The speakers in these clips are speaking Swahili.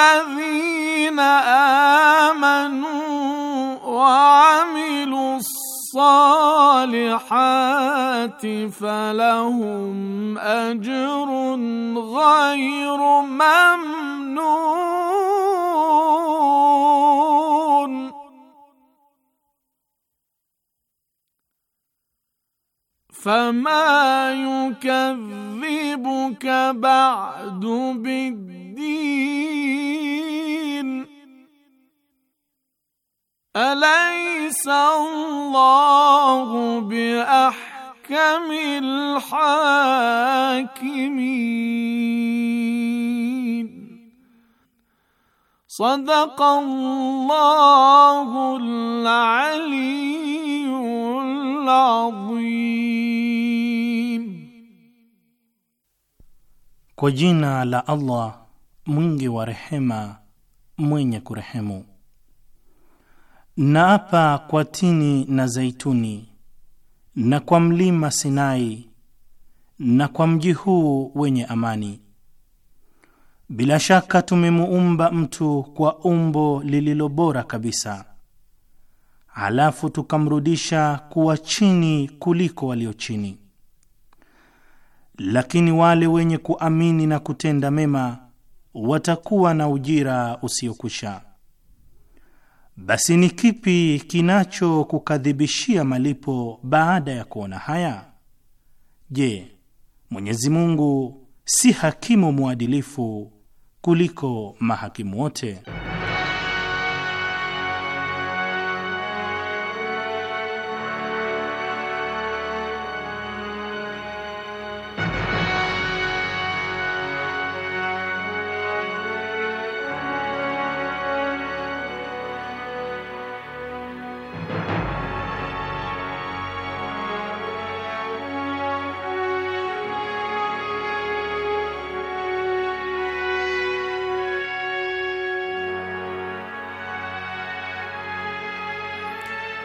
الذين امنوا وعملوا الصالحات فلهم اجر غير ممنون فما يكذبك بعد بالدين الدين اليس الله باحكم الحاكمين صدق الله العلي العظيم. Kwa jina la Allah mwingi wa rehema, mwenye kurehemu. Naapa kwa tini na zaituni na kwa mlima Sinai na kwa mji huu wenye amani. Bila shaka tumemuumba mtu kwa umbo lililo bora kabisa, halafu tukamrudisha kuwa chini kuliko walio chini. Lakini wale wenye kuamini na kutenda mema watakuwa na ujira usiokwisha. Basi ni kipi kinachokukadhibishia malipo baada ya kuona haya? Je, Mwenyezi Mungu si hakimu mwadilifu kuliko mahakimu wote?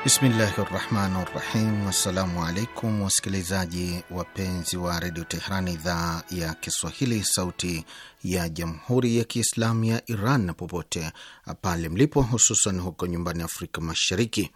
Bismillahi rahmani rahim. Assalamu alaikum wasikilizaji wapenzi wa redio Teherani, idhaa ya Kiswahili, sauti ya jamhuri ya Kiislamu ya Iran, popote pale mlipo, hususan huko nyumbani Afrika Mashariki.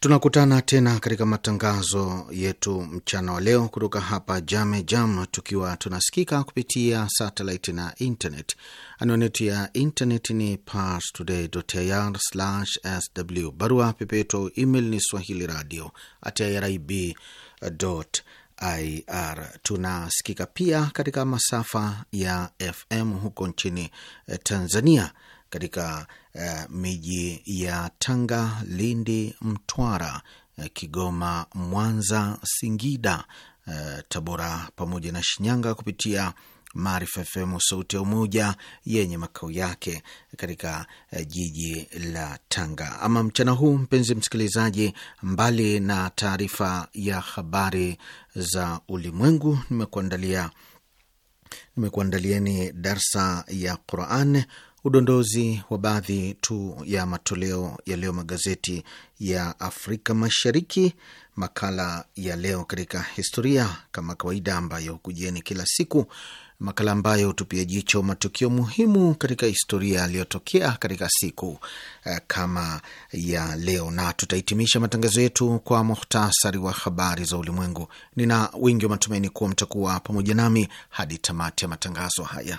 Tunakutana tena katika matangazo yetu mchana wa leo kutoka hapa Jame Jam, tukiwa tunasikika kupitia satellite na internet. Anwani ya internet ni parstoday.ir/sw, barua pepeto email ni swahili radio at ir tunasikika pia katika masafa ya FM huko nchini Tanzania katika uh, miji ya Tanga, Lindi, Mtwara, uh, Kigoma, Mwanza, Singida, uh, Tabora pamoja na Shinyanga kupitia Maarifa FM sauti ya Umoja yenye makao yake katika jiji la Tanga. Ama mchana huu, mpenzi msikilizaji, mbali na taarifa ya habari za ulimwengu, nimekuandalia nimekuandalieni darsa ya Quran udondozi wa baadhi tu ya matoleo ya leo magazeti ya Afrika Mashariki, makala ya leo katika historia, kama kawaida, ambayo hukujieni kila siku, makala ambayo hutupia jicho matukio muhimu katika historia yaliyotokea katika siku eh, kama ya leo, na tutahitimisha matangazo yetu kwa muhtasari wa habari za ulimwengu. Nina wingi wa matumaini kuwa mtakuwa pamoja nami hadi tamati ya matangazo haya.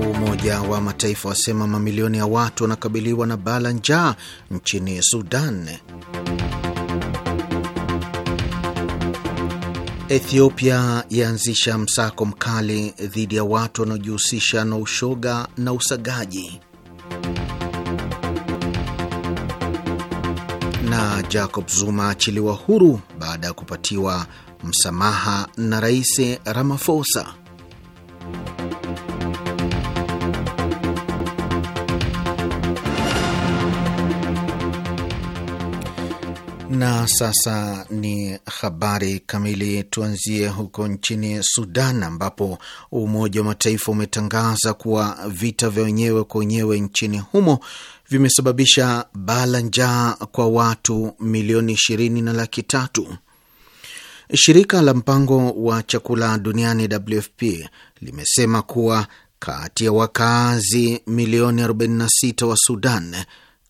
Mkuu Umoja wa Mataifa wasema mamilioni ya watu wanakabiliwa na bala njaa nchini Sudan. Ethiopia yaanzisha msako mkali dhidi ya watu wanaojihusisha na ushoga na usagaji. Na Jacob Zuma achiliwa huru baada ya kupatiwa msamaha na Rais Ramaphosa. Na sasa ni habari kamili. Tuanzie huko nchini Sudan, ambapo Umoja wa Mataifa umetangaza kuwa vita vya wenyewe kwa wenyewe nchini humo vimesababisha bala njaa kwa watu milioni ishirini na laki tatu. Shirika la mpango wa chakula duniani WFP limesema kuwa kati ya wakazi milioni 46 wa Sudan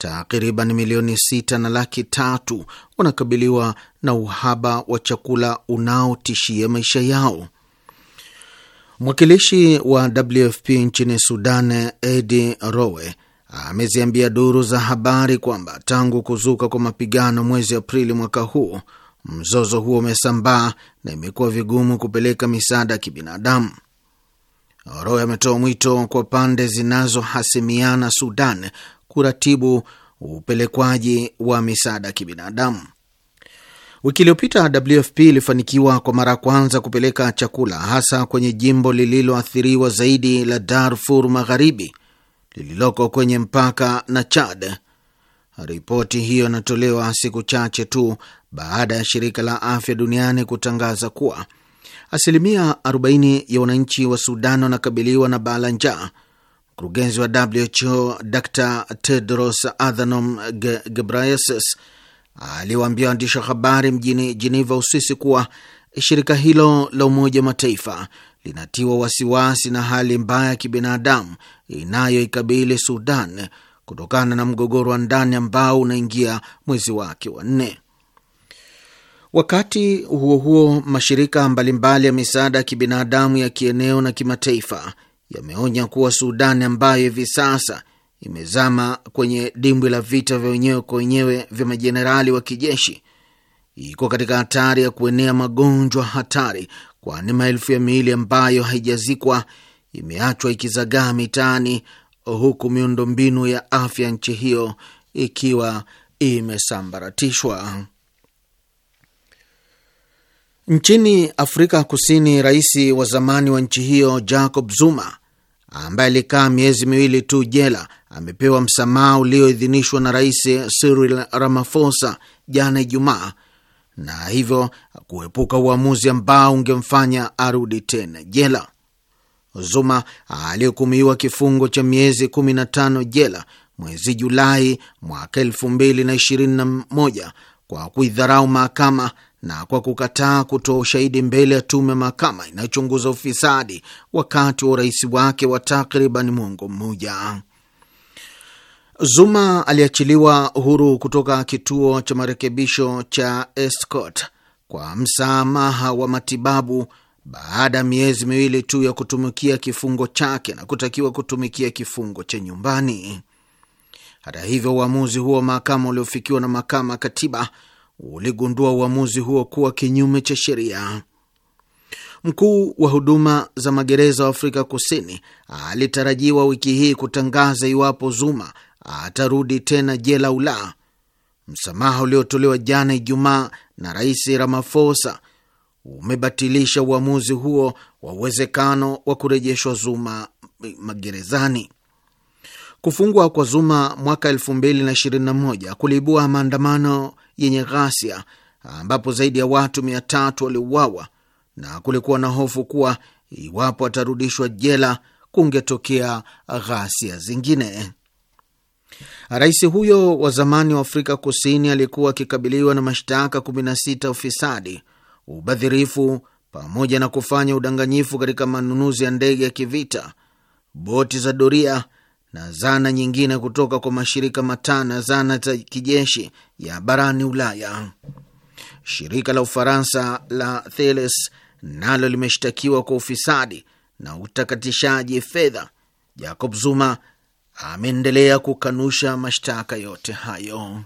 takriban milioni sita na laki tatu wanakabiliwa na uhaba wa chakula unaotishia maisha yao. Mwakilishi wa WFP nchini Sudan, Edi Rowe, ameziambia duru za habari kwamba tangu kuzuka kwa mapigano mwezi Aprili mwaka huu, mzozo huo umesambaa na imekuwa vigumu kupeleka misaada ya kibinadamu. Rowe ametoa mwito kwa pande zinazohasimiana Sudan kuratibu upelekwaji wa misaada ya kibinadamu. Wiki iliyopita WFP ilifanikiwa kwa mara ya kwanza kupeleka chakula hasa kwenye jimbo lililoathiriwa zaidi la Darfur Magharibi lililoko kwenye mpaka na Chad. Ripoti hiyo inatolewa siku chache tu baada ya shirika la afya duniani kutangaza kuwa asilimia 40 ya wananchi wa Sudan wanakabiliwa na balaa njaa Mkurugenzi wa WHO Dr Tedros Adhanom Ghebreyesus aliwaambia waandishi wa habari mjini Jeneva, Uswisi, kuwa shirika hilo la Umoja wa Mataifa linatiwa wasiwasi na hali mbaya ya kibinadamu inayoikabili Sudan kutokana na mgogoro wa ndani ambao unaingia mwezi wake wa nne. Wakati huo huo, mashirika mbalimbali ya misaada ya kibinadamu ya kieneo na kimataifa yameonya kuwa Sudani ambayo hivi sasa imezama kwenye dimbwi la vita vya wenyewe kwa wenyewe vya majenerali wa kijeshi iko katika hatari ya kuenea magonjwa hatari, kwani maelfu ya miili ambayo haijazikwa imeachwa ikizagaa mitaani, huku miundombinu ya afya nchi hiyo ikiwa imesambaratishwa. Nchini Afrika Kusini, rais wa zamani wa nchi hiyo Jacob Zuma ambaye alikaa miezi miwili tu jela amepewa msamaha ulioidhinishwa na Rais Cyril Ramaphosa jana Ijumaa, na hivyo kuepuka uamuzi ambao ungemfanya arudi tena jela. Zuma alihukumiwa kifungo cha miezi 15 jela mwezi Julai mwaka 2021 kwa kuidharau mahakama na kwa kukataa kutoa ushahidi mbele ya tume mahakama inayochunguza ufisadi wakati wa urais wake wa takriban mwongo mmoja. Zuma aliachiliwa huru kutoka kituo cha marekebisho cha Escort kwa msamaha wa matibabu baada ya miezi miwili tu ya kutumikia kifungo chake na kutakiwa kutumikia kifungo cha nyumbani. Hata hivyo, uamuzi huo wa mahakama uliofikiwa na mahakama katiba uligundua uamuzi huo kuwa kinyume cha sheria. Mkuu wa huduma za magereza wa Afrika Kusini alitarajiwa wiki hii kutangaza iwapo Zuma atarudi tena jela ula. Msamaha uliotolewa jana Ijumaa na Rais Ramaphosa umebatilisha uamuzi huo wa uwezekano wa kurejeshwa Zuma magerezani. Kufungwa kwa Zuma mwaka 2021 kuliibua maandamano yenye ghasia ambapo zaidi ya watu mia tatu waliuawa na kulikuwa na hofu kuwa iwapo atarudishwa jela kungetokea ghasia zingine. Rais huyo wa zamani wa Afrika Kusini alikuwa akikabiliwa na mashtaka 16 ufisadi, ubadhirifu, pamoja na kufanya udanganyifu katika manunuzi ya ndege ya kivita, boti za doria na zana nyingine kutoka kwa mashirika matano ya zana za kijeshi ya barani Ulaya. Shirika la Ufaransa la Thales nalo limeshtakiwa kwa ufisadi na utakatishaji fedha. Jacob Zuma ameendelea kukanusha mashtaka yote hayo.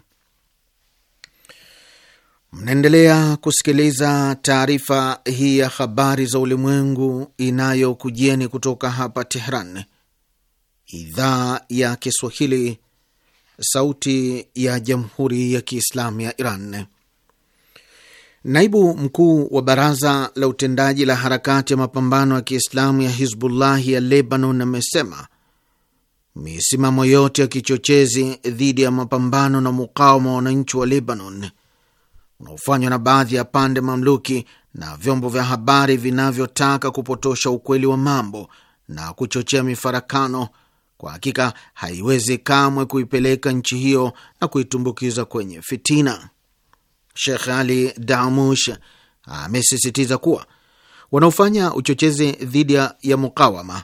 Mnaendelea kusikiliza taarifa hii ya habari za ulimwengu inayokujieni kutoka hapa Tehran, Idhaa ya Kiswahili, Sauti ya Jamhuri ya Kiislamu ya Iran. Naibu mkuu wa baraza la utendaji la harakati ya mapambano ya Kiislamu ya Hizbullahi ya Lebanon amesema misimamo yote ya kichochezi dhidi ya mapambano na mukawama wa wananchi wa Lebanon unaofanywa na baadhi ya pande mamluki na vyombo vya habari vinavyotaka kupotosha ukweli wa mambo na kuchochea mifarakano kwa hakika haiwezi kamwe kuipeleka nchi hiyo na kuitumbukiza kwenye fitina. Sheikh Ali Damush amesisitiza kuwa wanaofanya uchochezi dhidi ya mukawama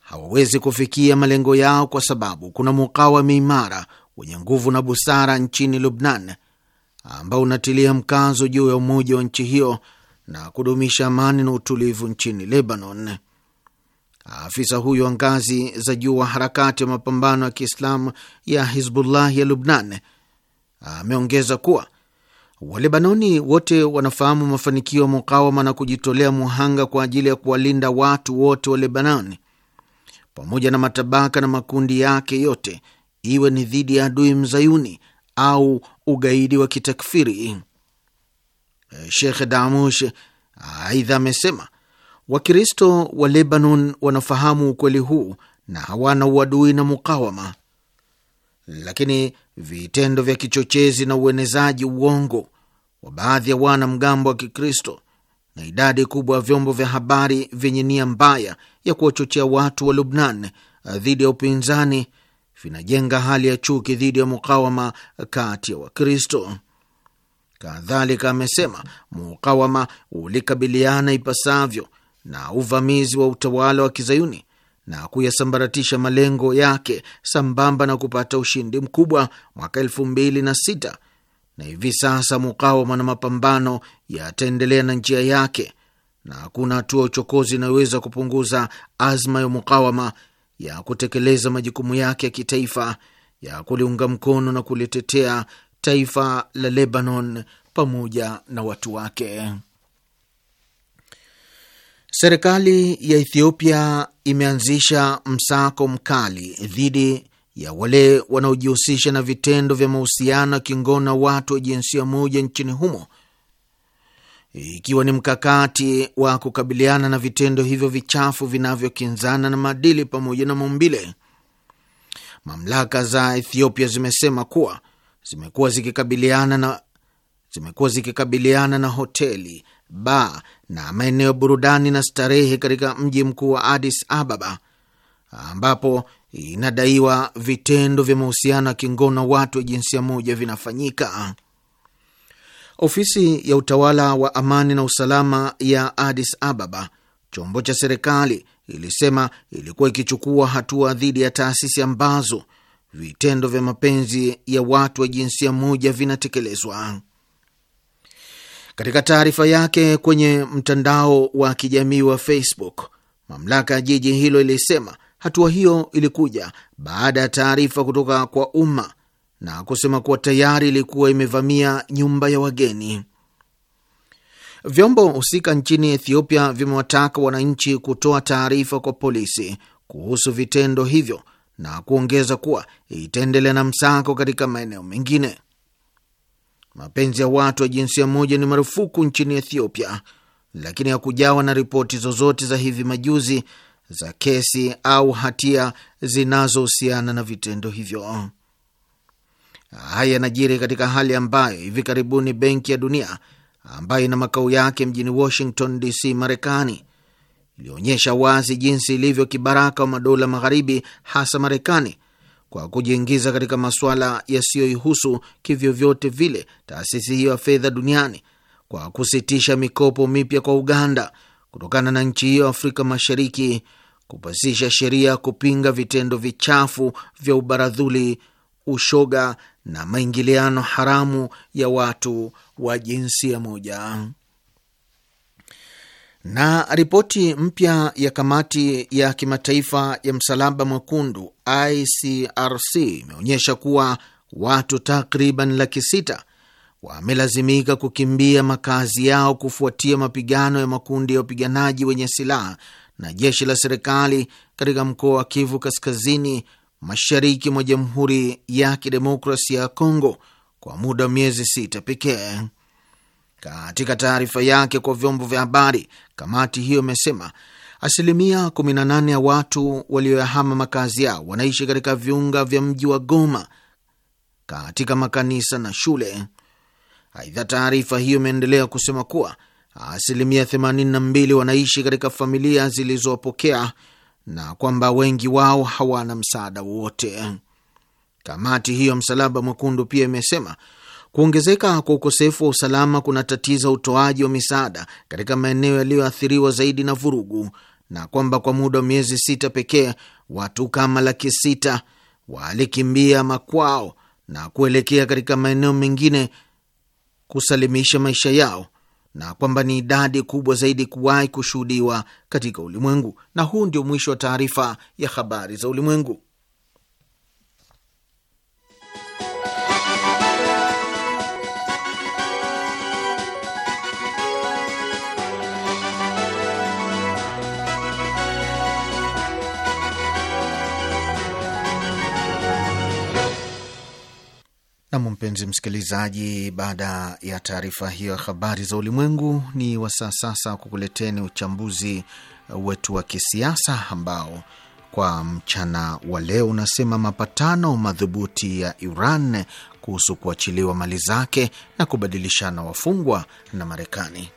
hawawezi kufikia malengo yao kwa sababu kuna mukawama imara wenye nguvu na busara nchini Lubnan ambao unatilia mkazo juu ya umoja wa nchi hiyo na kudumisha amani na utulivu nchini Lebanon. Afisa huyo wa ngazi za juu wa harakati ya mapambano ya Kiislamu ya Hizbullah ya Lubnan ameongeza kuwa Walebanoni wote wanafahamu mafanikio ya mukawama na kujitolea muhanga kwa ajili ya kuwalinda watu wote wa Lebanoni pamoja na matabaka na makundi yake yote, iwe ni dhidi ya adui mzayuni au ugaidi wa kitakfiri. Shekh Damush aidha amesema Wakristo wa Lebanon wanafahamu ukweli huu na hawana uadui na mukawama, lakini vitendo vya kichochezi na uenezaji uongo wa baadhi ya wanamgambo wa Kikristo na idadi kubwa ya vyombo vya habari vyenye nia mbaya ya kuwachochea watu wa Lubnan dhidi ya upinzani vinajenga hali ya chuki dhidi ya mukawama kati ya Wakristo. Kadhalika amesema mukawama ulikabiliana ipasavyo na uvamizi wa utawala wa kizayuni na kuyasambaratisha malengo yake sambamba na kupata ushindi mkubwa mwaka elfu mbili na sita na hivi sasa mukawama na mapambano yataendelea na njia yake na hakuna hatua uchokozi inayoweza kupunguza azma ya mukawama ya kutekeleza majukumu yake ya kitaifa ya kuliunga mkono na kulitetea taifa la Lebanon pamoja na watu wake. Serikali ya Ethiopia imeanzisha msako mkali dhidi ya wale wanaojihusisha na vitendo vya mahusiano ya kingono na watu wa jinsia moja nchini humo, ikiwa ni mkakati wa kukabiliana na vitendo hivyo vichafu vinavyokinzana na maadili pamoja na maumbile. Mamlaka za Ethiopia zimesema kuwa zimekuwa zikikabiliana na zimekuwa zikikabiliana na hoteli ba na maeneo burudani na starehe katika mji mkuu wa Addis Ababa, ambapo inadaiwa vitendo vya mahusiano ya kingono watu wa jinsia moja vinafanyika. Ofisi ya utawala wa amani na usalama ya Addis Ababa, chombo cha serikali, ilisema ilikuwa ikichukua hatua dhidi ya taasisi ambazo vitendo vya mapenzi ya watu wa jinsia moja vinatekelezwa. Katika taarifa yake kwenye mtandao wa kijamii wa Facebook, mamlaka ya jiji hilo ilisema hatua hiyo ilikuja baada ya taarifa kutoka kwa umma na kusema kuwa tayari ilikuwa imevamia nyumba ya wageni. Vyombo husika nchini Ethiopia vimewataka wananchi kutoa taarifa kwa polisi kuhusu vitendo hivyo na kuongeza kuwa itaendelea na msako katika maeneo mengine mapenzi ya watu wa jinsia moja ni marufuku nchini Ethiopia, lakini hakujawa na ripoti zozote za hivi majuzi za kesi au hatia zinazohusiana na vitendo hivyo. Haya yanajiri katika hali ambayo hivi karibuni Benki ya Dunia ambayo ina makao yake mjini Washington DC, Marekani, ilionyesha wazi jinsi ilivyo kibaraka wa madola magharibi, hasa Marekani, kwa kujiingiza katika masuala yasiyoihusu kivyovyote vile taasisi hiyo ya fedha duniani kwa kusitisha mikopo mipya kwa Uganda kutokana na nchi hiyo Afrika Mashariki kupasisha sheria kupinga vitendo vichafu vya ubaradhuli, ushoga na maingiliano haramu ya watu wa jinsia moja. Na ripoti mpya ya kamati ya kimataifa ya Msalaba Mwekundu ICRC imeonyesha kuwa watu takriban laki sita wamelazimika kukimbia makazi yao kufuatia mapigano ya makundi ya wapiganaji wenye silaha na jeshi la serikali katika mkoa wa Kivu Kaskazini, mashariki mwa Jamhuri ya Kidemokrasia ya Kongo kwa muda wa miezi sita pekee. Katika taarifa yake kwa vyombo vya habari, kamati hiyo imesema Asilimia 18 ya watu walioyahama makazi yao wanaishi katika viunga vya mji wa Goma, katika makanisa na shule. Aidha, taarifa hiyo imeendelea kusema kuwa asilimia 82 wanaishi katika familia zilizopokea na kwamba wengi wao hawana msaada wowote. Kamati hiyo Msalaba Mwekundu pia imesema kuongezeka kwa ukosefu wa usalama kunatatiza utoaji wa misaada katika maeneo yaliyoathiriwa zaidi na vurugu na kwamba kwa muda wa miezi sita pekee watu kama laki sita walikimbia makwao na kuelekea katika maeneo mengine kusalimisha maisha yao na kwamba ni idadi kubwa zaidi kuwahi kushuhudiwa katika ulimwengu. Na huu ndio mwisho wa taarifa ya habari za ulimwengu. Nam, mpenzi msikilizaji, baada ya taarifa hiyo ya habari za ulimwengu, ni wasaa sasa kukuleteni uchambuzi wetu wa kisiasa ambao kwa mchana wa leo unasema mapatano madhubuti ya Iran kuhusu kuachiliwa mali zake na kubadilishana wafungwa na Marekani.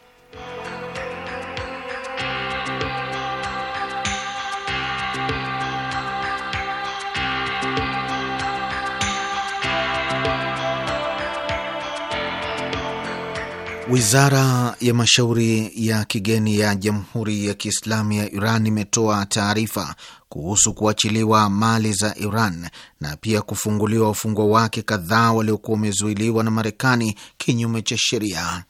Wizara ya mashauri ya kigeni ya Jamhuri ya Kiislamu ya Iran imetoa taarifa kuhusu kuachiliwa mali za Iran na pia kufunguliwa wafungwa wake kadhaa waliokuwa wamezuiliwa na Marekani kinyume cha sheria.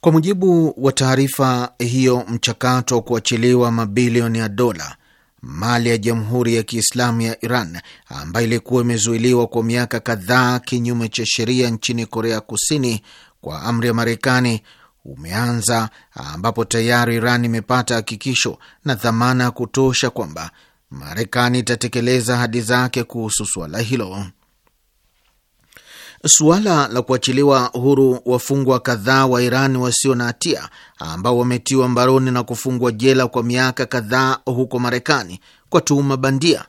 Kwa mujibu wa taarifa hiyo, mchakato wa kuachiliwa mabilioni ya dola mali ya Jamhuri ya Kiislamu ya Iran ambayo ilikuwa imezuiliwa kwa miaka kadhaa kinyume cha sheria nchini Korea Kusini kwa amri ya Marekani umeanza ambapo tayari Iran imepata hakikisho na dhamana ya kutosha kwamba Marekani itatekeleza ahadi zake kuhusu suala hilo. Suala la kuachiliwa huru wafungwa kadhaa wa Iran wasio na hatia ambao wametiwa mbaroni na kufungwa jela kwa miaka kadhaa huko Marekani kwa tuhuma bandia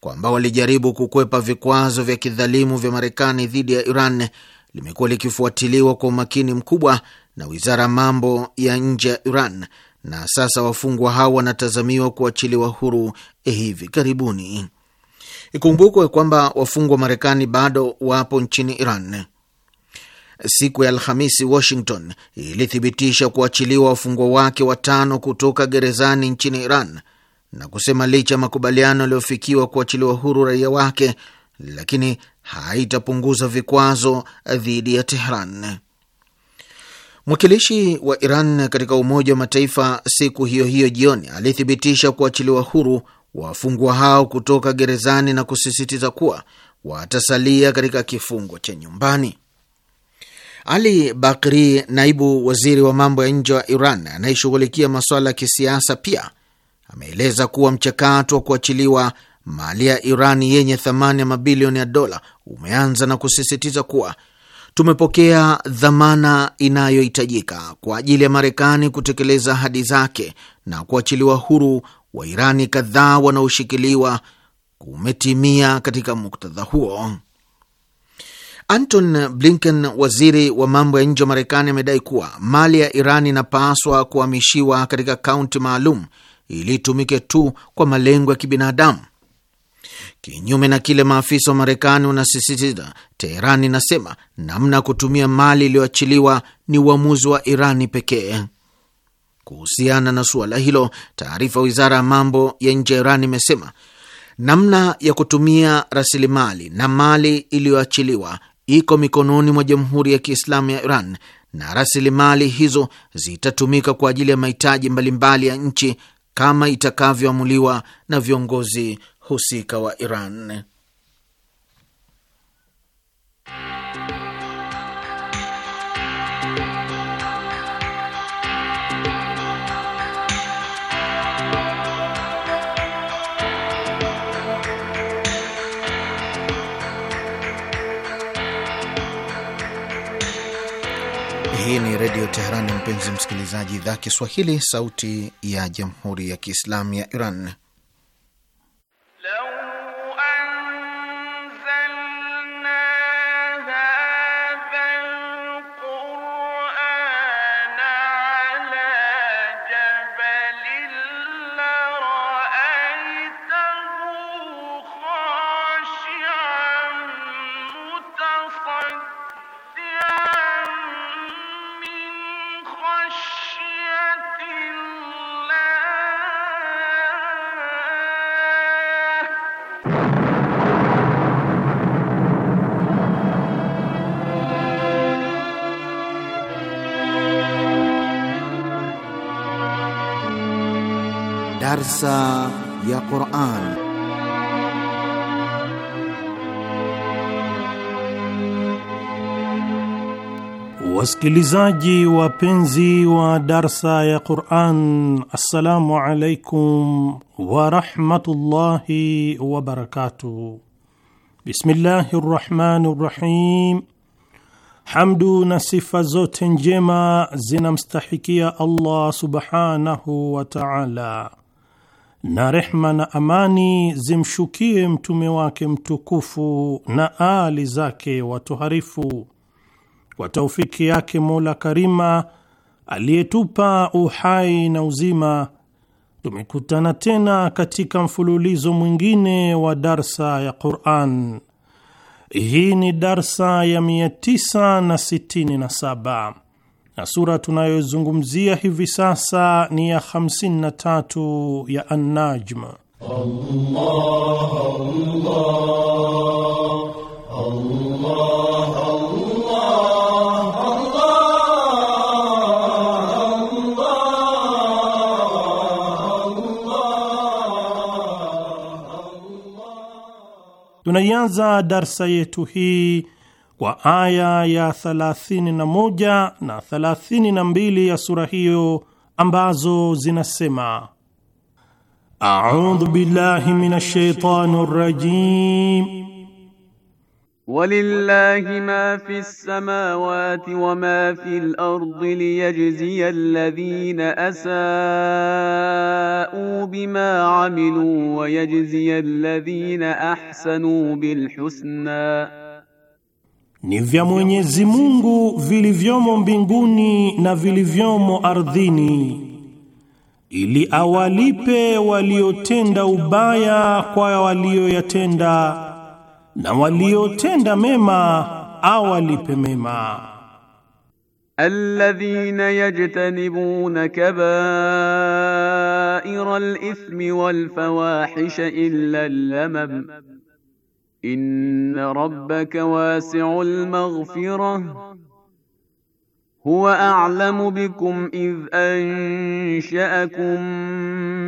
kwamba walijaribu kukwepa vikwazo vya kidhalimu vya Marekani dhidi ya Iran limekuwa likifuatiliwa kwa umakini mkubwa na wizara ya mambo ya nje ya Iran na sasa wafungwa hao wanatazamiwa kuachiliwa huru hivi karibuni. Ikumbukwe kwamba wafungwa wa Marekani bado wapo nchini Iran. Siku ya Alhamisi, Washington ilithibitisha kuachiliwa wafungwa wake watano kutoka gerezani nchini Iran na kusema licha ya makubaliano yaliyofikiwa kuachiliwa huru raia wake, lakini haitapunguza vikwazo dhidi ya Tehran. Mwakilishi wa Iran katika Umoja wa Mataifa siku hiyo hiyo jioni alithibitisha kuachiliwa huru wafungwa hao kutoka gerezani na kusisitiza kuwa watasalia katika kifungo cha nyumbani. Ali Bakri, naibu waziri wa mambo ya nje wa Iran anayeshughulikia masuala ya kisiasa, pia ameeleza kuwa mchakato wa kuachiliwa mali ya Iran yenye thamani ya mabilioni ya dola umeanza na kusisitiza kuwa tumepokea dhamana inayohitajika kwa ajili ya Marekani kutekeleza ahadi zake na kuachiliwa huru wa Irani kadhaa wanaoshikiliwa kumetimia katika muktadha huo. Anton Blinken, waziri wa mambo ya nje wa Marekani, amedai kuwa mali ya Iran inapaswa kuhamishiwa katika kaunti maalum ili itumike tu kwa malengo ya kibinadamu kinyume na kile maafisa wa Marekani wanasisitiza. Teherani inasema namna ya kutumia mali iliyoachiliwa ni uamuzi wa Irani pekee. Kuhusiana na suala hilo, taarifa wizara ya mambo ya nje ya Irani imesema namna ya kutumia rasilimali na mali iliyoachiliwa iko mikononi mwa Jamhuri ya Kiislamu ya Iran na rasilimali hizo zitatumika kwa ajili ya mahitaji mbalimbali ya nchi kama itakavyoamuliwa na viongozi husika wa Iran. Hii ni Redio Teherani, mpenzi msikilizaji, idhaa Kiswahili, sauti ya Jamhuri ya Kiislamu ya Iran. Wasikilizaji wapenzi wa darsa ya Quran, assalamu alaikum warahmatullahi wabarakatuh. Bismillahi rahmani rahim Hamdu na sifa zote njema zinamstahikia Allah subhanahu wa taala, na rehma na amani zimshukie mtume wake mtukufu na ali zake watuharifu kwa taufiki yake Mola Karima aliyetupa uhai na uzima, tumekutana tena katika mfululizo mwingine wa darsa ya Quran. Hii ni darsa ya 967 na sura tunayozungumzia hivi sasa ni ya 53 ya An-Najm. Allah, Allah. Tunaianza darsa yetu hii kwa aya ya 31 na 32 ya sura hiyo ambazo zinasema: audhu billahi minash shaitani rrajim Walillahi ma fi samawati wa ma fi lardi liyajzia alladhina asau bima amilu wa yajzia alladhina ahsanu bilhusna, ni vya Mwenyezi Mungu vilivyomo mbinguni na vilivyomo ardhini, ili awalipe waliotenda ubaya kwa walioyatenda na waliotenda mema awalipe mema. الذين يجتنبون كبائر الإثم والفواحش إلا اللمم إن ربك واسع المغفرة huwa a'lamu bikum idh ansha'akum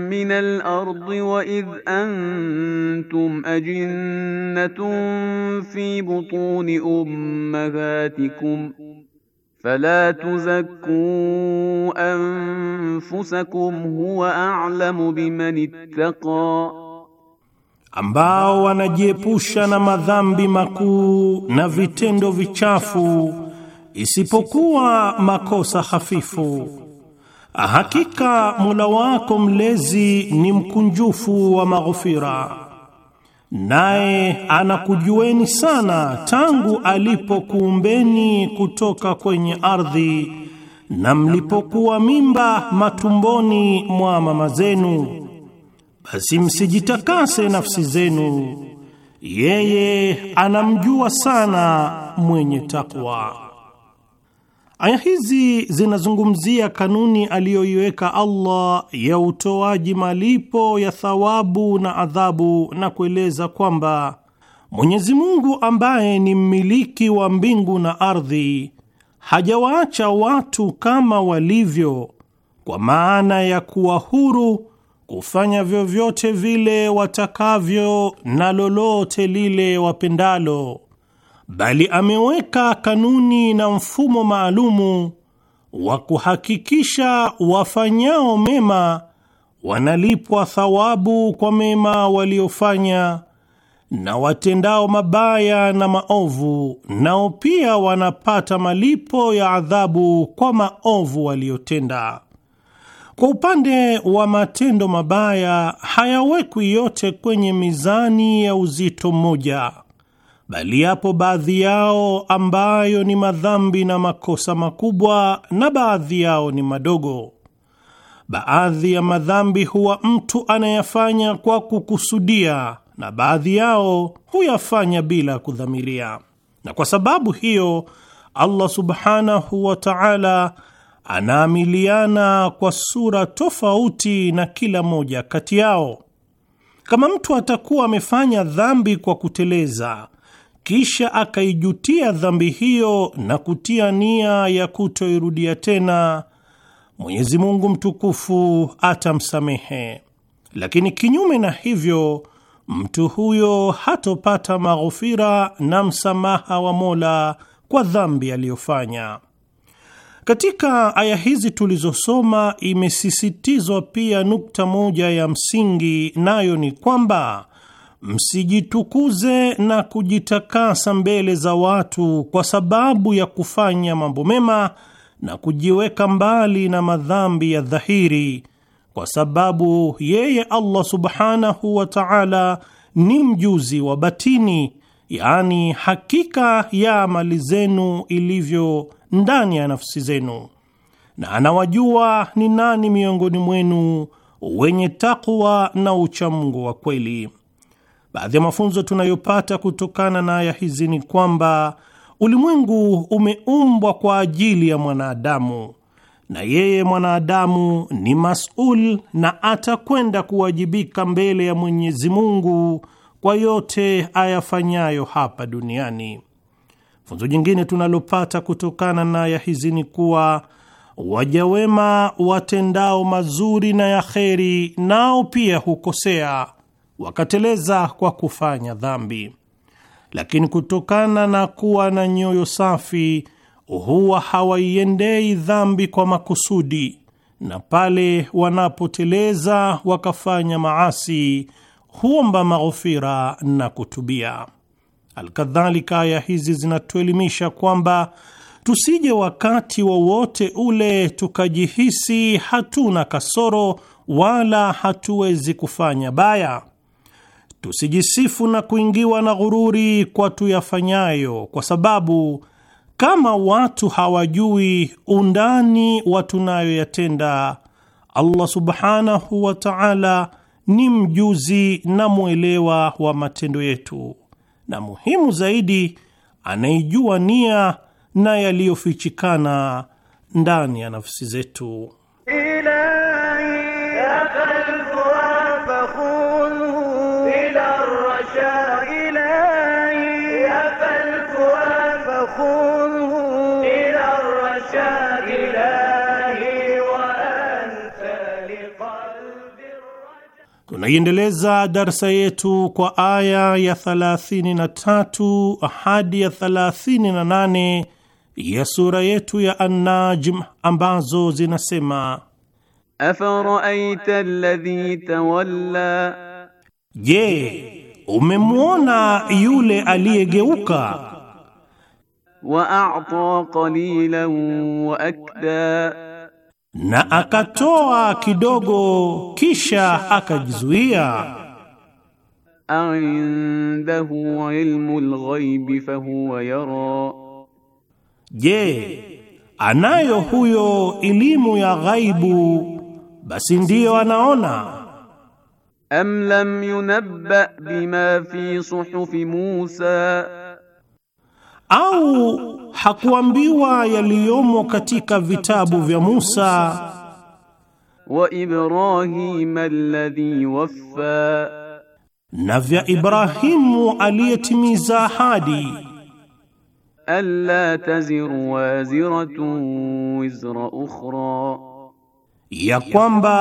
min al-ardi wa idh antum ajinnatun fi butun ummahatikum fala tuzakku anfusakum huwa a'lamu biman ittaqa, ambao wanajiepusha na madhambi makuu na vitendo vichafu isipokuwa makosa hafifu. Hakika Mola wako mlezi ni mkunjufu wa maghfira, naye anakujueni sana tangu alipokuumbeni kutoka kwenye ardhi na mlipokuwa mimba matumboni mwa mama zenu. Basi msijitakase nafsi zenu, yeye anamjua sana mwenye takwa. Aya hizi zinazungumzia kanuni aliyoiweka Allah ya utoaji malipo ya thawabu na adhabu, na kueleza kwamba Mwenyezi Mungu ambaye ni mmiliki wa mbingu na ardhi hajawaacha watu kama walivyo, kwa maana ya kuwa huru kufanya vyovyote vile watakavyo na lolote lile wapendalo bali ameweka kanuni na mfumo maalumu wa kuhakikisha wafanyao mema wanalipwa thawabu kwa mema waliofanya na watendao mabaya na maovu nao pia wanapata malipo ya adhabu kwa maovu waliotenda. Kwa upande wa matendo mabaya hayawekwi yote kwenye mizani ya uzito mmoja, bali yapo baadhi yao ambayo ni madhambi na makosa makubwa, na baadhi yao ni madogo. Baadhi ya madhambi huwa mtu anayafanya kwa kukusudia, na baadhi yao huyafanya bila kudhamiria, na kwa sababu hiyo Allah subhanahu wa ta'ala anaamiliana kwa sura tofauti na kila moja kati yao. Kama mtu atakuwa amefanya dhambi kwa kuteleza kisha akaijutia dhambi hiyo na kutia nia ya kutoirudia tena, Mwenyezi Mungu mtukufu atamsamehe. Lakini kinyume na hivyo, mtu huyo hatopata maghufira na msamaha wa Mola kwa dhambi aliyofanya. Katika aya hizi tulizosoma, imesisitizwa pia nukta moja ya msingi, nayo ni kwamba msijitukuze na kujitakasa mbele za watu kwa sababu ya kufanya mambo mema na kujiweka mbali na madhambi ya dhahiri, kwa sababu yeye Allah subhanahu wa ta'ala ni mjuzi wa batini, yaani hakika ya mali zenu ilivyo ndani ya nafsi zenu, na anawajua ni nani miongoni mwenu wenye takwa na uchamungu wa kweli. Baadhi ya mafunzo tunayopata kutokana na aya hizi ni kwamba ulimwengu umeumbwa kwa ajili ya mwanadamu na yeye mwanadamu ni masul na atakwenda kuwajibika mbele ya Mwenyezi Mungu kwa yote ayafanyayo hapa duniani. Funzo jingine tunalopata kutokana na aya hizi ni kuwa waja wema watendao mazuri na ya kheri nao pia hukosea wakateleza kwa kufanya dhambi, lakini kutokana na kuwa na nyoyo safi huwa hawaiendei dhambi kwa makusudi, na pale wanapoteleza wakafanya maasi huomba maghufira na kutubia. Alkadhalika, aya hizi zinatuelimisha kwamba tusije wakati wowote wa ule tukajihisi hatuna kasoro wala hatuwezi kufanya baya, Tusijisifu na kuingiwa na ghururi kwa tuyafanyayo, kwa sababu kama watu hawajui undani wa tunayoyatenda, Allah subhanahu wa ta'ala ni mjuzi na mwelewa wa matendo yetu, na muhimu zaidi, anaijua nia na yaliyofichikana ndani ya nafsi zetu Ila. Tunaiendeleza darsa yetu kwa aya ya 33 hadi ya 38 ya sura yetu ya An-Najm ambazo zinasema: afaraita alladhi tawalla, je, umemwona yule aliyegeuka. Wa a'ta qalilan wa akda na akatoa kidogo kisha akajizuia. Indahu ilmul ghaib fahuwa yara, je, anayo huyo elimu ya ghaibu, basi ndiyo anaona. Am lam yunabba bima fi suhufi Musa, au hakuambiwa yaliyomo katika vitabu vya Musa wa Ibrahim alladhi waffa, na vya Ibrahimu aliyetimiza ahadi. Alla taziru waziratu wizra ukhra, ya kwamba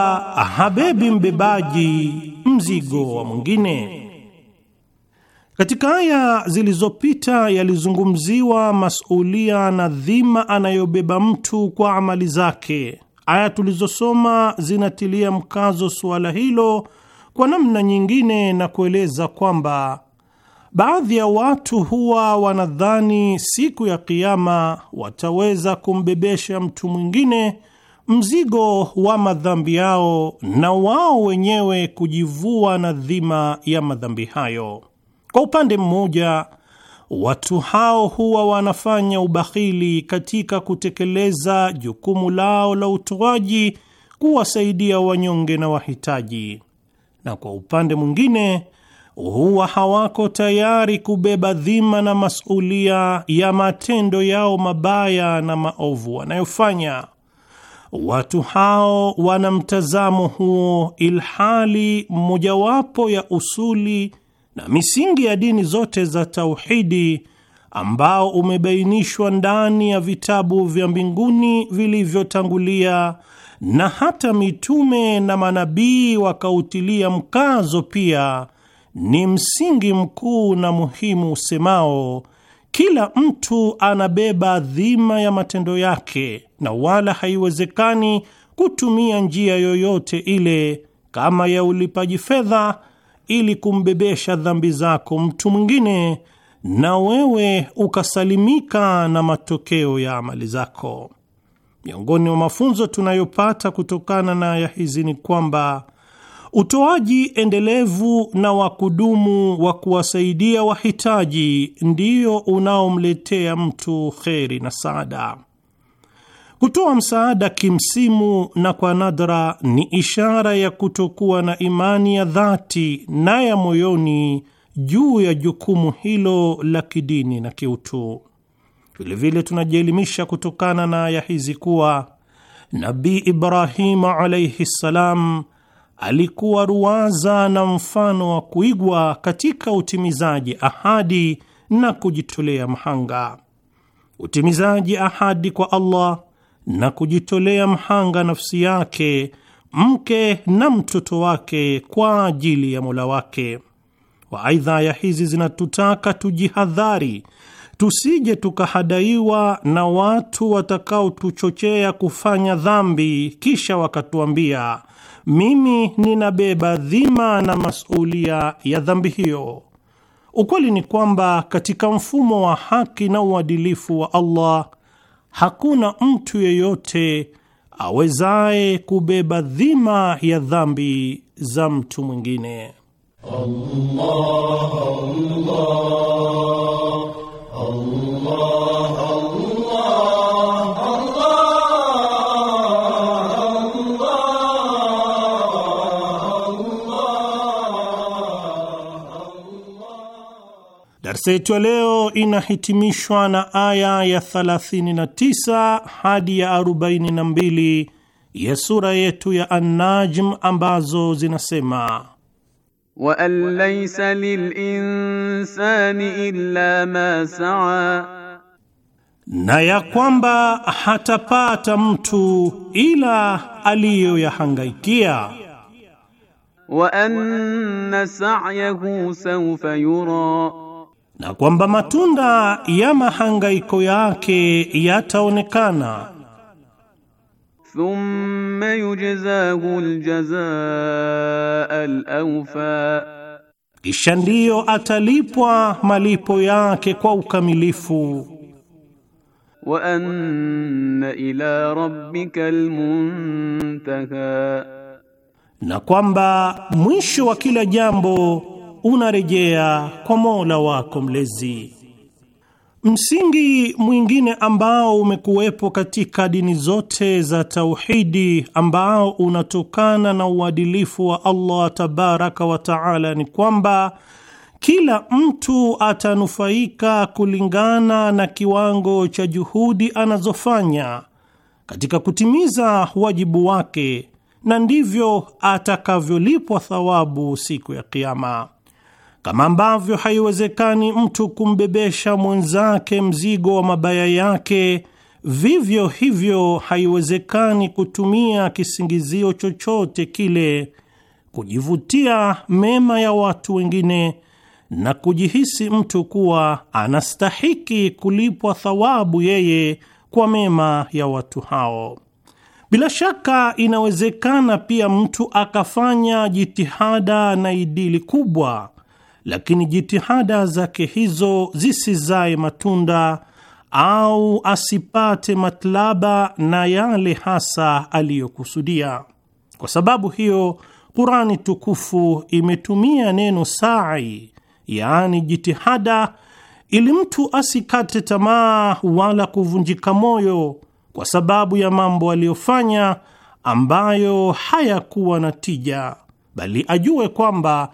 habebi mbebaji mzigo wa mwingine. Katika aya zilizopita yalizungumziwa masulia na dhima anayobeba mtu kwa amali zake. Aya tulizosoma zinatilia mkazo suala hilo kwa namna nyingine na kueleza kwamba baadhi ya watu huwa wanadhani siku ya Kiama wataweza kumbebesha mtu mwingine mzigo wa madhambi yao na wao wenyewe kujivua na dhima ya madhambi hayo. Kwa upande mmoja, watu hao huwa wanafanya ubakhili katika kutekeleza jukumu lao la utoaji, kuwasaidia wanyonge na wahitaji, na kwa upande mwingine huwa hawako tayari kubeba dhima na masulia ya matendo yao mabaya na maovu wanayofanya. Watu hao wana mtazamo huo, ilhali mojawapo ya usuli na misingi ya dini zote za tauhidi ambao umebainishwa ndani ya vitabu vya mbinguni vilivyotangulia na hata mitume na manabii wakautilia mkazo pia ni msingi mkuu na muhimu usemao, kila mtu anabeba dhima ya matendo yake na wala haiwezekani kutumia njia yoyote ile kama ya ulipaji fedha ili kumbebesha dhambi zako mtu mwingine na wewe ukasalimika na matokeo ya amali zako. Miongoni mwa mafunzo tunayopata kutokana na aya hizi ni kwamba utoaji endelevu na wa kudumu wa kuwasaidia wahitaji ndio unaomletea mtu kheri na saada. Kutoa msaada kimsimu na kwa nadra ni ishara ya kutokuwa na imani ya dhati na ya moyoni juu ya jukumu hilo la kidini na kiutu. Vilevile tunajielimisha kutokana na aya hizi kuwa Nabii Ibrahima alaihi ssalam alikuwa ruwaza na mfano wa kuigwa katika utimizaji ahadi na kujitolea mhanga. Utimizaji ahadi kwa Allah na kujitolea mhanga nafsi yake, mke na mtoto wake kwa ajili ya Mola wake. Waaidha, aya hizi zinatutaka tujihadhari tusije tukahadaiwa na watu watakaotuchochea kufanya dhambi, kisha wakatuambia mimi ninabeba dhima na masulia ya dhambi hiyo. Ukweli ni kwamba katika mfumo wa haki na uadilifu wa Allah hakuna mtu yeyote awezaye kubeba dhima ya dhambi za mtu mwingine. Allah, Allah, Allah. Darsa yetu ya leo inahitimishwa na aya ya 39 hadi ya 42 ya sura yetu ya An-Najm ambazo zinasema: wa an laysa lil insani illa ma saa, na ya kwamba hatapata mtu ila aliyoyahangaikia wa anna sa'yahu sawfa yura na kwamba matunda ya mahangaiko yake yataonekana. Thumma yujzahu aljazaa alawfa, kisha ndiyo atalipwa malipo yake kwa ukamilifu. Wa anna ila rabbika almuntaha, na kwamba mwisho wa kila jambo unarejea kwa Mola wako mlezi. Msingi mwingine ambao umekuwepo katika dini zote za tauhidi ambao unatokana na uadilifu wa Allah tabaraka wa taala ni kwamba kila mtu atanufaika kulingana na kiwango cha juhudi anazofanya katika kutimiza wajibu wake na ndivyo atakavyolipwa thawabu siku ya kiama kama ambavyo haiwezekani mtu kumbebesha mwenzake mzigo wa mabaya yake, vivyo hivyo haiwezekani kutumia kisingizio chochote kile kujivutia mema ya watu wengine na kujihisi mtu kuwa anastahiki kulipwa thawabu yeye kwa mema ya watu hao. Bila shaka inawezekana pia mtu akafanya jitihada na idili kubwa lakini jitihada zake hizo zisizae matunda au asipate matlaba na yale hasa aliyokusudia. Kwa sababu hiyo, Qurani tukufu imetumia neno sai, yaani jitihada, ili mtu asikate tamaa wala kuvunjika moyo kwa sababu ya mambo aliyofanya ambayo hayakuwa na tija, bali ajue kwamba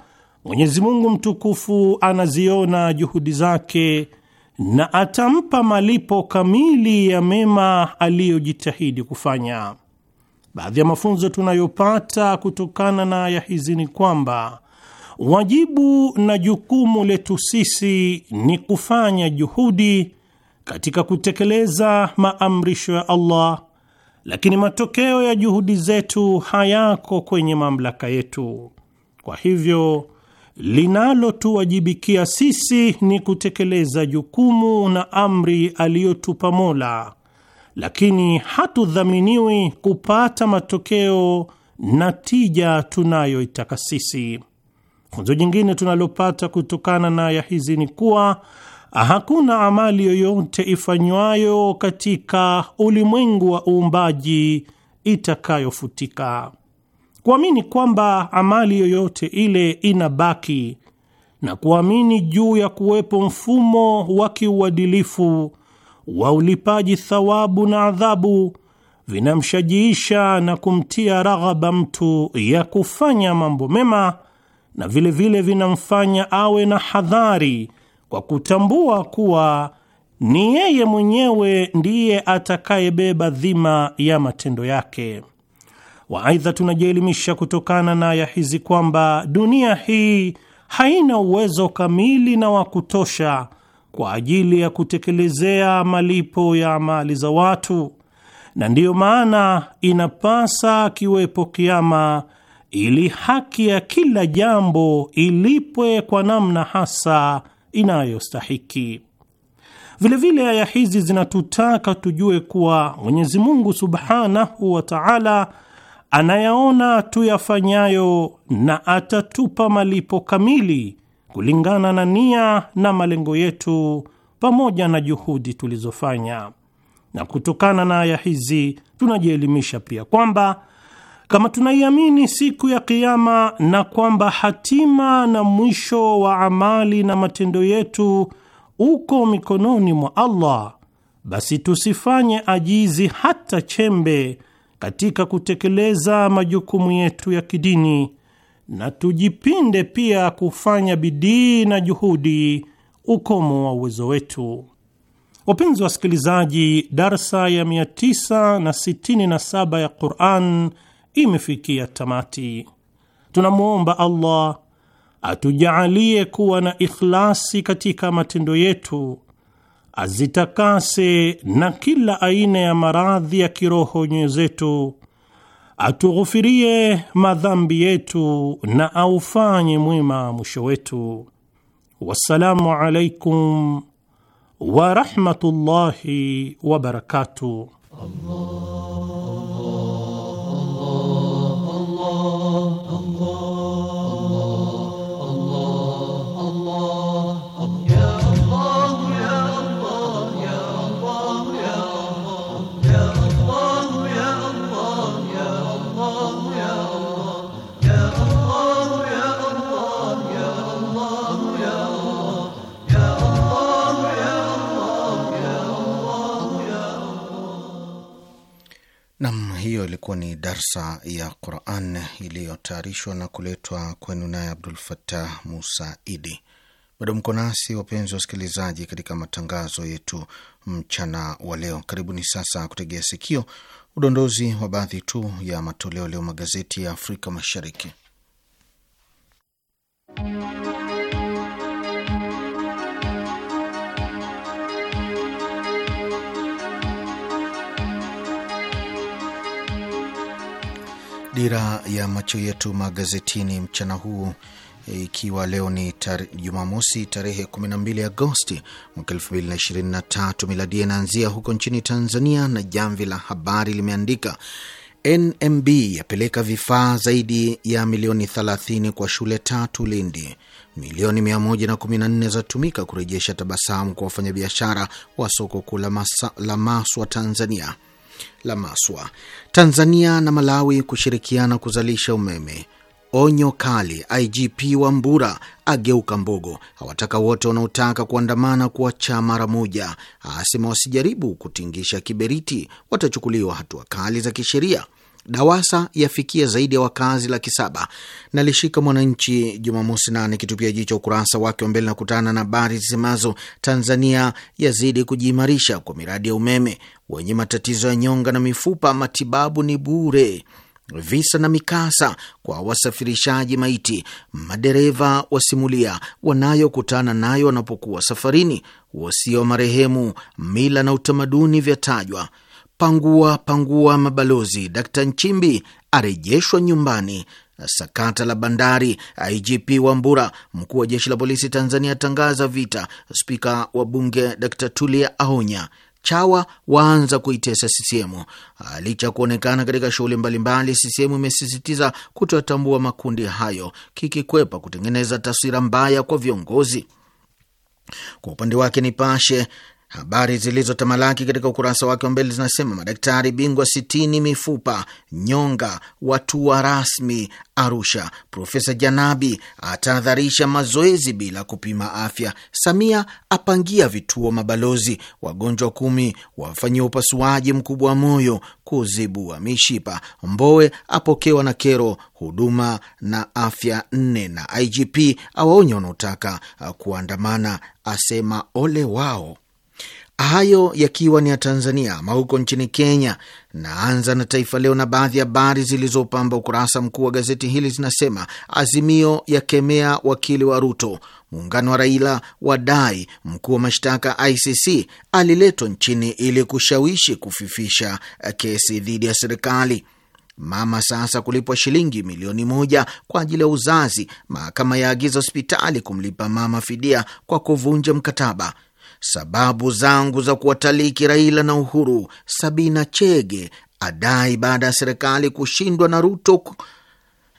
Mwenyezi Mungu mtukufu anaziona juhudi zake na atampa malipo kamili ya mema aliyojitahidi kufanya. Baadhi ya mafunzo tunayopata kutokana na aya hizi ni kwamba wajibu na jukumu letu sisi ni kufanya juhudi katika kutekeleza maamrisho ya Allah, lakini matokeo ya juhudi zetu hayako kwenye mamlaka yetu. Kwa hivyo linalotuwajibikia sisi ni kutekeleza jukumu na amri aliyotupa Mola, lakini hatudhaminiwi kupata matokeo na tija tunayoitaka sisi. Funzo jingine tunalopata kutokana na aya hizi ni kuwa hakuna amali yoyote ifanywayo katika ulimwengu wa uumbaji itakayofutika kuamini kwamba amali yoyote ile inabaki na kuamini juu ya kuwepo mfumo wa kiuadilifu wa ulipaji thawabu na adhabu vinamshajiisha na kumtia raghaba mtu ya kufanya mambo mema na vilevile vile vinamfanya awe na hadhari kwa kutambua kuwa ni yeye mwenyewe ndiye atakayebeba dhima ya matendo yake wa aidha, tunajielimisha kutokana na aya hizi kwamba dunia hii haina uwezo kamili na wa kutosha kwa ajili ya kutekelezea malipo ya amali za watu, na ndiyo maana inapasa kiwepo kiama ili haki ya kila jambo ilipwe kwa namna hasa inayostahiki. Vilevile, aya hizi zinatutaka tujue kuwa Mwenyezi Mungu Subhanahu wa Ta'ala anayaona tuyafanyayo na atatupa malipo kamili kulingana na nia na malengo yetu pamoja na juhudi tulizofanya. Na kutokana na aya hizi tunajielimisha pia kwamba kama tunaiamini siku ya Kiama na kwamba hatima na mwisho wa amali na matendo yetu uko mikononi mwa Allah, basi tusifanye ajizi hata chembe katika kutekeleza majukumu yetu ya kidini na tujipinde pia kufanya bidii na juhudi ukomo wa uwezo wetu. Wapenzi wasikilizaji, darsa ya 967 ya Quran imefikia tamati. Tunamwomba Allah atujaalie kuwa na ikhlasi katika matendo yetu azitakase na kila aina ya maradhi ya kiroho nyoyo zetu, atughufirie madhambi yetu na aufanye mwema mwisho wetu. Wassalamu alaikum warahmatullahi wabarakatuh. Allah darsa ya Quran iliyotayarishwa na kuletwa kwenu naye Abdul fatah Musa Idi. Bado mko nasi wapenzi wa wasikilizaji, katika matangazo yetu mchana wa leo. Karibuni sasa kutegea sikio udondozi wa baadhi tu ya matoleo leo magazeti ya Afrika Mashariki. Dira ya macho yetu magazetini mchana huu e, ikiwa leo ni tar Jumamosi tarehe 12 Agosti mwaka 2023 miladia inaanzia huko nchini Tanzania, na jamvi la habari limeandika NMB yapeleka vifaa zaidi ya milioni 30 kwa shule tatu Lindi, milioni 114 zatumika kurejesha tabasamu kwa wafanyabiashara wa soko kuu la Maswa Tanzania la Maswa. Tanzania na Malawi kushirikiana kuzalisha umeme. Onyo kali, IGP wa Mbura ageuka mbogo, hawataka wote wanaotaka kuandamana kuacha mara moja, asema wasijaribu kutingisha kiberiti, watachukuliwa hatua kali za kisheria. DAWASA yafikia zaidi ya wakazi laki saba. Nalishika Mwananchi Jumamosi na jii jicho ukurasa wake wa mbele na kutana na habari zisemazo Tanzania yazidi kujiimarisha kwa miradi ya umeme, wenye matatizo ya nyonga na mifupa matibabu ni bure, visa na mikasa kwa wasafirishaji maiti, madereva wasimulia wanayokutana nayo wanapokuwa safarini, wasio marehemu, mila na utamaduni vyatajwa pangua pangua mabalozi, Dkt Nchimbi arejeshwa nyumbani, sakata la bandari, IGP Wambura, mkuu wa jeshi la polisi Tanzania atangaza vita, spika wa bunge Dkt Tulia aonya Chawa waanza kuitesa CCM. Licha kuonekana katika shughuli mbalimbali, CCM imesisitiza kutoyatambua makundi hayo, kikikwepa kutengeneza taswira mbaya kwa viongozi. Kwa upande wake, Nipashe Habari zilizotamalaki katika ukurasa wake wa mbele zinasema madaktari bingwa sitini mifupa nyonga watua rasmi Arusha. Profesa Janabi atahadharisha mazoezi bila kupima afya. Samia apangia vituo mabalozi. Wagonjwa kumi wafanyia upasuaji mkubwa wa moyo kuzibua mishipa. Mbowe apokewa na kero huduma na afya nne, na IGP awaonya wanaotaka kuandamana, asema ole wao. Hayo yakiwa ni ya Tanzania. Ama huko nchini Kenya, naanza na Taifa Leo na baadhi ya habari zilizopamba ukurasa mkuu wa gazeti hili zinasema: Azimio yakemea wakili wa Ruto, muungano wa Raila wadai mkuu wa mashtaka ICC aliletwa nchini ili kushawishi kufifisha kesi dhidi ya serikali. Mama sasa kulipwa shilingi milioni moja kwa ajili ya uzazi. Mahakama yaagiza hospitali kumlipa mama fidia kwa kuvunja mkataba sababu zangu za kuwataliki Raila na Uhuru, Sabina Chege adai baada ya serikali kushindwa na Ruto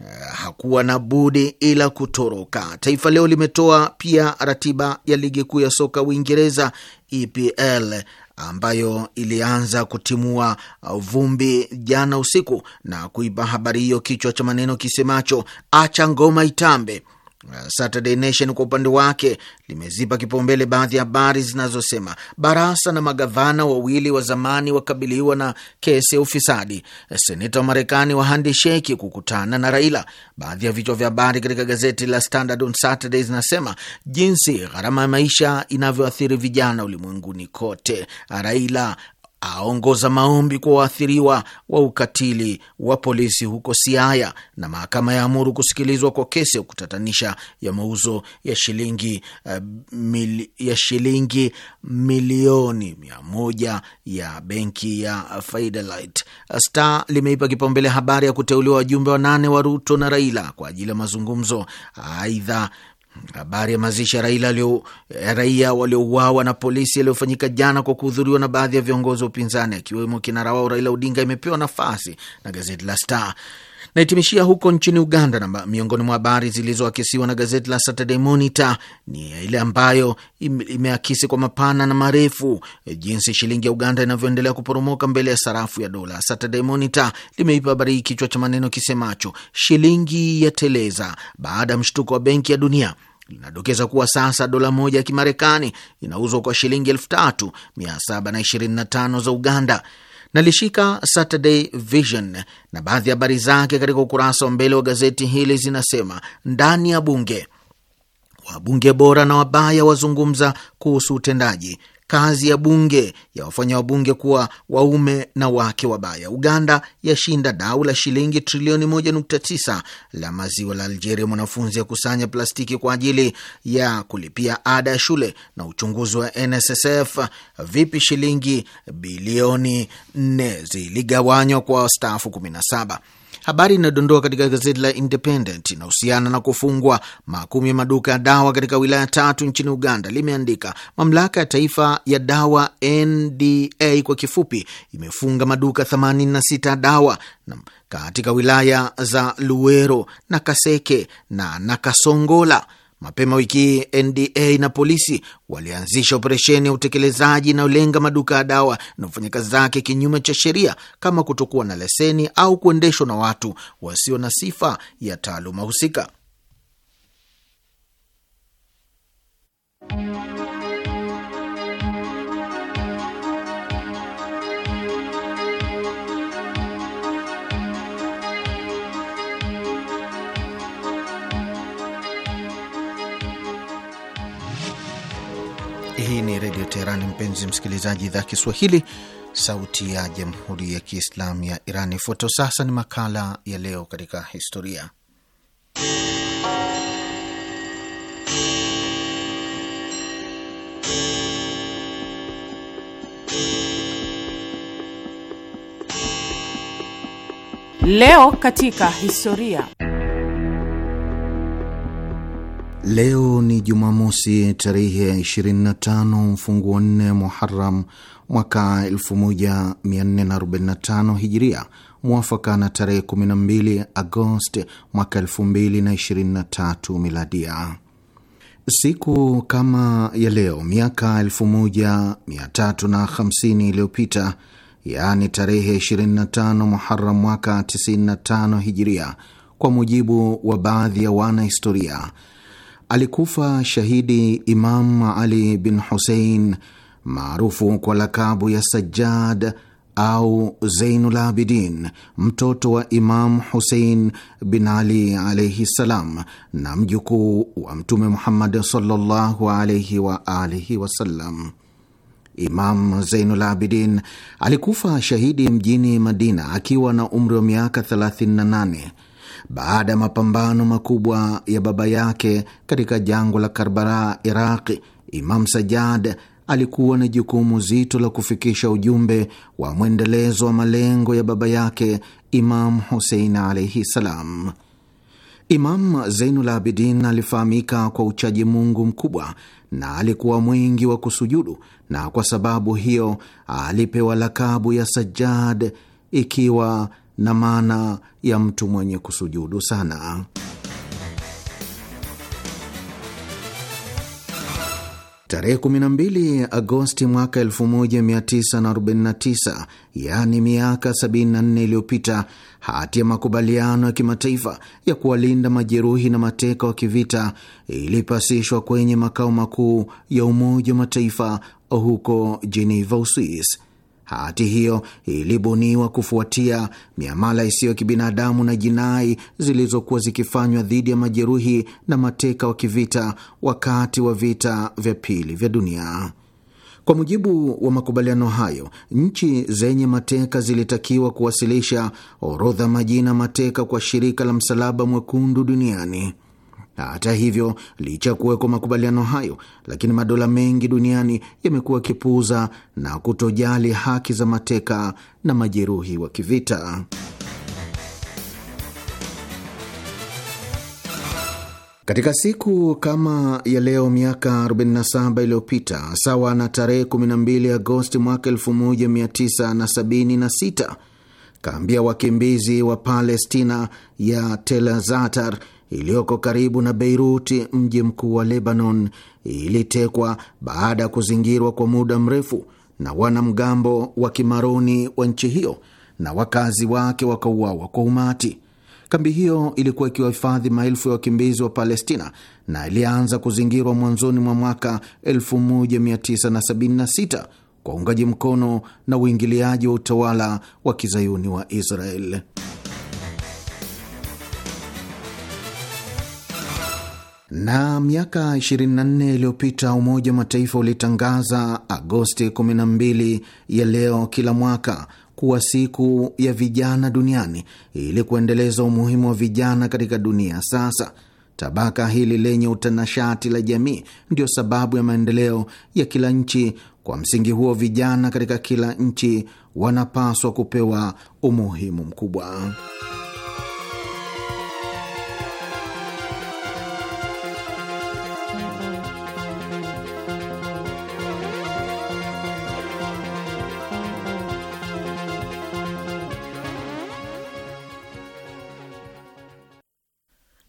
eh, hakuwa na budi ila kutoroka. Taifa Leo limetoa pia ratiba ya ligi kuu ya soka Uingereza, EPL, ambayo ilianza kutimua vumbi jana usiku na kuipa habari hiyo kichwa cha maneno kisemacho acha ngoma itambe. Uh, Saturday Nation kwa upande wake limezipa kipaumbele baadhi ya habari zinazosema barasa na magavana wawili wa zamani wakabiliwa na kesi ya ufisadi, seneta wa Marekani wa Handi Sheki kukutana na Raila. Baadhi ya vichwa vya habari katika gazeti la Standard on Saturday zinasema jinsi gharama ya maisha inavyoathiri vijana ulimwenguni kote, Raila aongoza maombi kwa waathiriwa wa ukatili wa polisi huko Siaya, na mahakama ya amuru kusikilizwa kwa kesi ya kutatanisha ya mauzo ya shilingi uh, mil, ya shilingi milioni mia moja ya benki ya Fidelity. Star limeipa kipaumbele habari ya kuteuliwa wajumbe wanane wa Ruto na Raila kwa ajili ya mazungumzo. Aidha, Habari ya mazishi ya raia waliouawa na polisi yaliyofanyika jana kwa kuhudhuriwa na baadhi ya viongozi wa upinzani akiwemo kinara wao Raila Odinga imepewa nafasi na gazeti la Star. Naitimishia huko nchini Uganda, na miongoni mwa habari zilizoakisiwa na gazeti la Saturday Monitor ni ile ambayo imeakisi kwa mapana na marefu eh, jinsi shilingi ya Uganda inavyoendelea kuporomoka mbele ya sarafu ya dola. Saturday Monitor limeipa habari hii kichwa cha maneno kisemacho shilingi ya teleza baada ya mshtuko wa benki ya dunia linadokeza kuwa sasa dola moja ya Kimarekani inauzwa kwa shilingi 3725 za Uganda. Nalishika Saturday Vision na baadhi ya habari zake katika ukurasa wa mbele wa gazeti hili zinasema: ndani ya bunge wabunge bora na wabaya wazungumza kuhusu utendaji kazi ya bunge ya wafanya wabunge kuwa waume na wake wabaya. Uganda yashinda dau la shilingi trilioni 1.9 la maziwa la Algeria. Mwanafunzi ya kusanya plastiki kwa ajili ya kulipia ada ya shule. Na uchunguzi wa NSSF, vipi shilingi bilioni 4 ziligawanywa kwa wastaafu 17. Habari inayodondoka katika gazeti la Independent inahusiana na kufungwa makumi ya maduka ya dawa katika wilaya tatu nchini Uganda. Limeandika mamlaka ya taifa ya dawa NDA kwa kifupi imefunga maduka 86 ya dawa katika wilaya za Luwero na Kaseke na Nakasongola Mapema wiki hii NDA na polisi walianzisha operesheni ya utekelezaji inayolenga maduka ya dawa na wafanyakazi zake kinyume cha sheria, kama kutokuwa na leseni au kuendeshwa na watu wasio na sifa ya taaluma husika. Hii ni Redio Teherani, mpenzi msikilizaji, idhaa Kiswahili, sauti ya jamhuri ya kiislamu ya Iran. Ifuatayo sasa ni makala ya leo katika historia. Leo katika historia Leo ni Jumamosi tarehe ya 25 mfunguo nne Muharam mwaka 1445 Hijiria, mwafaka na tarehe 12 Agosti mwaka 2023 Miladia. Siku kama ya leo miaka 1350 iliyopita, yaani tarehe 25 Muharam mwaka 95 Hijiria, kwa mujibu wa baadhi ya wanahistoria alikufa shahidi Imam Ali bin Husein maarufu kwa lakabu ya Sajjad au Zeinul Abidin, mtoto wa Imam Husein bin Ali alaihi ssalam, na mjukuu wa Mtume Muhammad sallallahu alaihi wa alihi wasallam. Imam Zeinul Abidin alikufa shahidi mjini Madina akiwa na umri wa miaka 38 baada ya mapambano makubwa ya baba yake katika jangwa la Karbala, Iraqi, Imam sajad alikuwa na jukumu zito la kufikisha ujumbe wa mwendelezo wa malengo ya baba yake Imam Husein alaihi salam. Imam zeinul Abidin alifahamika kwa uchaji Mungu mkubwa na alikuwa mwingi wa kusujudu, na kwa sababu hiyo alipewa lakabu ya Sajjad, ikiwa na maana ya mtu mwenye kusujudu sana. Tarehe 12 Agosti mwaka 1949, yaani miaka 74 iliyopita, hati ya makubaliano ya kimataifa ya kuwalinda majeruhi na mateka wa kivita ilipasishwa kwenye makao makuu ya Umoja wa Mataifa huko Geneva, Uswisi. Hati hiyo ilibuniwa kufuatia miamala isiyo ya kibinadamu na jinai zilizokuwa zikifanywa dhidi ya majeruhi na mateka wa kivita wakati wa vita vya pili vya dunia. Kwa mujibu wa makubaliano hayo, nchi zenye mateka zilitakiwa kuwasilisha orodha majina mateka kwa shirika la Msalaba Mwekundu duniani. Na hata hivyo, licha ya kuwekwa makubaliano hayo, lakini madola mengi duniani yamekuwa yakipuuza na kutojali haki za mateka na majeruhi wa kivita. Katika siku kama ya leo miaka 47 iliyopita, sawa na tarehe 12 Agosti mwaka 1976, kambi ya wakimbizi wa Palestina ya Tel Zatar iliyoko karibu na Beiruti, mji mkuu wa Lebanon, ilitekwa baada ya kuzingirwa kwa muda mrefu na wanamgambo wa kimaroni wa nchi hiyo na wakazi wake wakauawa kwa umati. Kambi hiyo ilikuwa ikiwahifadhi maelfu ya wakimbizi wa Palestina na ilianza kuzingirwa mwanzoni mwa mwaka 1976 kwa uungaji mkono na uingiliaji wa utawala wa kizayuni wa Israel. Na miaka 24 iliyopita Umoja wa Mataifa ulitangaza Agosti 12 ya leo kila mwaka kuwa siku ya vijana duniani ili kuendeleza umuhimu wa vijana katika dunia sasa. Tabaka hili lenye utanashati la jamii ndio sababu ya maendeleo ya kila nchi. Kwa msingi huo, vijana katika kila nchi wanapaswa kupewa umuhimu mkubwa.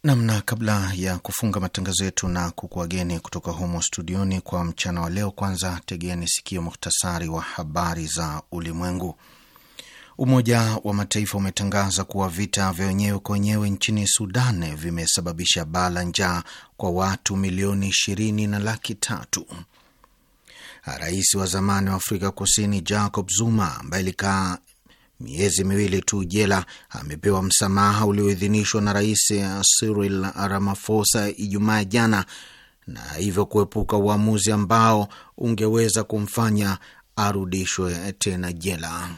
namna kabla ya kufunga matangazo yetu na kukuageni kutoka humo studioni kwa mchana wa leo, kwanza tegeni sikio muhtasari wa habari za ulimwengu. Umoja wa Mataifa umetangaza kuwa vita vya wenyewe kwa wenyewe nchini Sudan vimesababisha baa la njaa kwa watu milioni ishirini na laki tatu. Rais wa zamani wa Afrika Kusini Jacob Zuma ambaye miezi miwili tu jela, amepewa msamaha ulioidhinishwa na Rais Cyril Ramaphosa Ijumaa jana, na hivyo kuepuka uamuzi ambao ungeweza kumfanya arudishwe tena jela.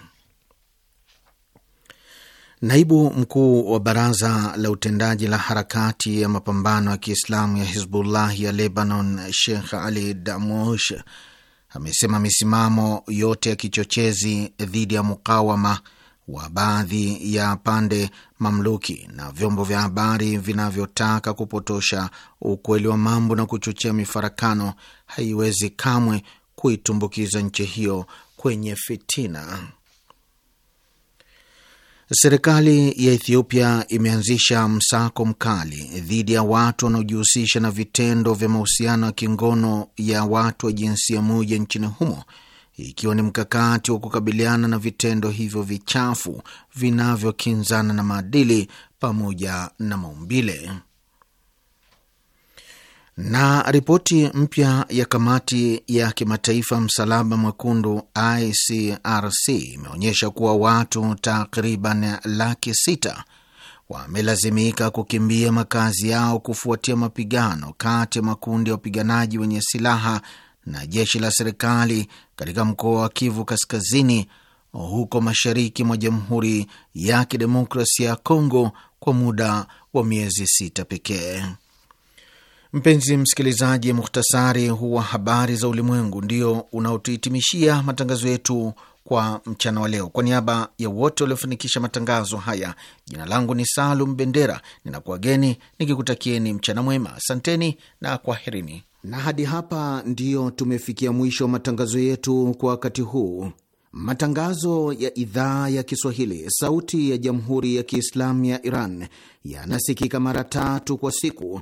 Naibu mkuu wa baraza la utendaji la harakati ya mapambano ya Kiislamu ya Hizbullahi ya Lebanon, Sheikh Ali Damosh amesema misimamo yote ya kichochezi dhidi ya mukawama wa baadhi ya pande mamluki na vyombo vya habari vinavyotaka kupotosha ukweli wa mambo na kuchochea mifarakano haiwezi kamwe kuitumbukiza nchi hiyo kwenye fitina. Serikali ya Ethiopia imeanzisha msako mkali dhidi ya watu wanaojihusisha na vitendo vya mahusiano ya kingono ya watu wa jinsia moja nchini humo ikiwa ni mkakati wa kukabiliana na vitendo hivyo vichafu vinavyokinzana na maadili pamoja na maumbile. Na ripoti mpya ya kamati ya kimataifa msalaba mwekundu ICRC imeonyesha kuwa watu takriban laki sita wamelazimika kukimbia makazi yao kufuatia mapigano kati ya makundi ya wapiganaji wenye silaha na jeshi la serikali katika mkoa wa Kivu Kaskazini huko mashariki mwa Jamhuri ya Kidemokrasia ya Kongo kwa muda wa miezi sita pekee. Mpenzi msikilizaji, muhtasari huu wa habari za ulimwengu ndio unaotuhitimishia matangazo yetu kwa mchana wa leo. Kwa niaba ya wote waliofanikisha matangazo haya, jina langu ni Salum Bendera, ninakuwageni nikikutakieni mchana mwema. Asanteni na kwaherini. Na hadi hapa ndiyo tumefikia mwisho wa matangazo yetu kwa wakati huu. Matangazo ya idhaa ya Kiswahili, sauti ya jamhuri ya kiislamu ya Iran yanasikika mara tatu kwa siku